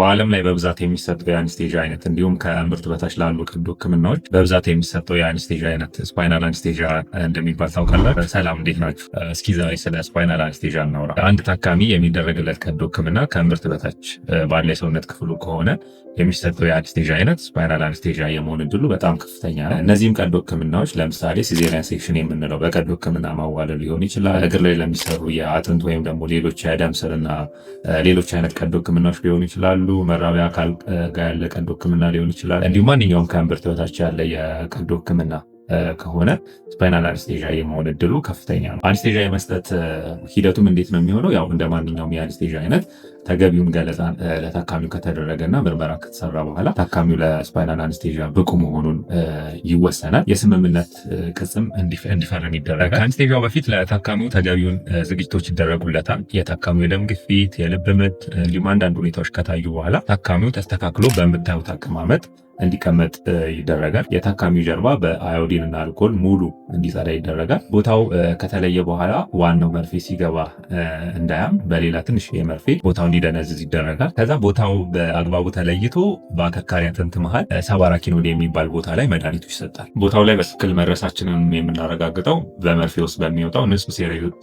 በዓለም ላይ በብዛት የሚሰጠው የአንስቴዣ አይነት እንዲሁም ከእምብርት በታች ላሉ ቀዶ ሕክምናዎች በብዛት የሚሰጠው የአንስቴዣ አይነት ስፓይናል አንስቴዣ እንደሚባል ታውቃላችሁ። ሰላም እንዴት ናችሁ? እስኪ ዛሬ ስለ ስፓይናል አንስቴዣ እናውራ። አንድ ታካሚ የሚደረግለት ቀዶ ሕክምና ከእምብርት በታች ባለ የሰውነት ክፍሉ ከሆነ የሚሰጠው የአንስቴዣ አይነት ስፓይናል አንስቴዣ የመሆን እድሉ በጣም ከፍተኛ ነው። እነዚህም ቀዶ ሕክምናዎች ለምሳሌ ሲዜሪያን ሴክሽን የምንለው በቀዶ ሕክምና ማዋለል ሊሆን ይችላል። እግር ላይ ለሚሰሩ የአጥንት ወይም ደግሞ ሌሎች የደም ስርና ሌሎች አይነት ቀዶ ሕክምናዎች ሊሆኑ ይችላሉ። ይችላሉ። መራቢያ አካል ጋር ያለ ቀዶ ሕክምና ሊሆን ይችላል። እንዲሁም ማንኛውም ከእምብርት በታች ያለ የቀዶ ሕክምና ከሆነ ስፓይናል አንስቴዣ የመሆን እድሉ ከፍተኛ ነው። አንስቴዣ የመስጠት ሂደቱም እንዴት ነው የሚሆነው? ያው እንደ ማንኛውም የአንስቴዣ አይነት ተገቢውን ገለጻ ለታካሚው ከተደረገና ምርመራ ከተሰራ በኋላ ታካሚው ለስፓይናል አንስቴዣ ብቁ መሆኑን ይወሰናል። የስምምነት ቅጽም እንዲፈርም ይደረጋል። ከአንስቴዣው በፊት ለታካሚው ተገቢውን ዝግጅቶች ይደረጉለታል። የታካሚው የደም ግፊት፣ የልብ ምት እንዲሁም አንዳንድ ሁኔታዎች ከታዩ በኋላ ታካሚው ተስተካክሎ በምታዩት አቀማመጥ እንዲቀመጥ ይደረጋል። የታካሚው ጀርባ በአዮዲን እና አልኮል ሙሉ እንዲጸዳ ይደረጋል። ቦታው ከተለየ በኋላ ዋናው መርፌ ሲገባ እንዳያም በሌላ ትንሽ የመርፌ ቦታው እንዲደነዝዝ ይደረጋል። ከዛ ቦታው በአግባቡ ተለይቶ በአከርካሪ አጥንት መሃል ሰባራ ኪኖድ የሚባል ቦታ ላይ መድኃኒቱ ይሰጣል። ቦታው ላይ በትክክል መድረሳችንን የምናረጋግጠው በመርፌ ውስጥ በሚወጣው ንጹህ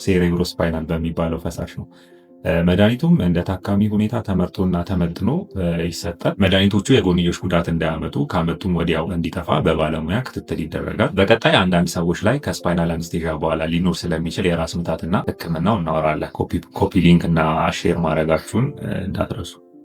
ሴሬብሮስፓይናል በሚባለው ፈሳሽ ነው። መድኃኒቱም እንደ ታካሚ ሁኔታ ተመርቶና ተመጥኖ ይሰጣል። መድኃኒቶቹ የጎንዮሽ ጉዳት እንዳያመጡ ካመጡም ወዲያው እንዲጠፋ በባለሙያ ክትትል ይደረጋል። በቀጣይ አንዳንድ ሰዎች ላይ ከስፓይናል አንስቴዣ በኋላ ሊኖር ስለሚችል የራስ ምታትና ሕክምናው እናወራለን። ኮፒ ሊንክ እና ሼር ማድረጋችሁን እንዳትረሱ።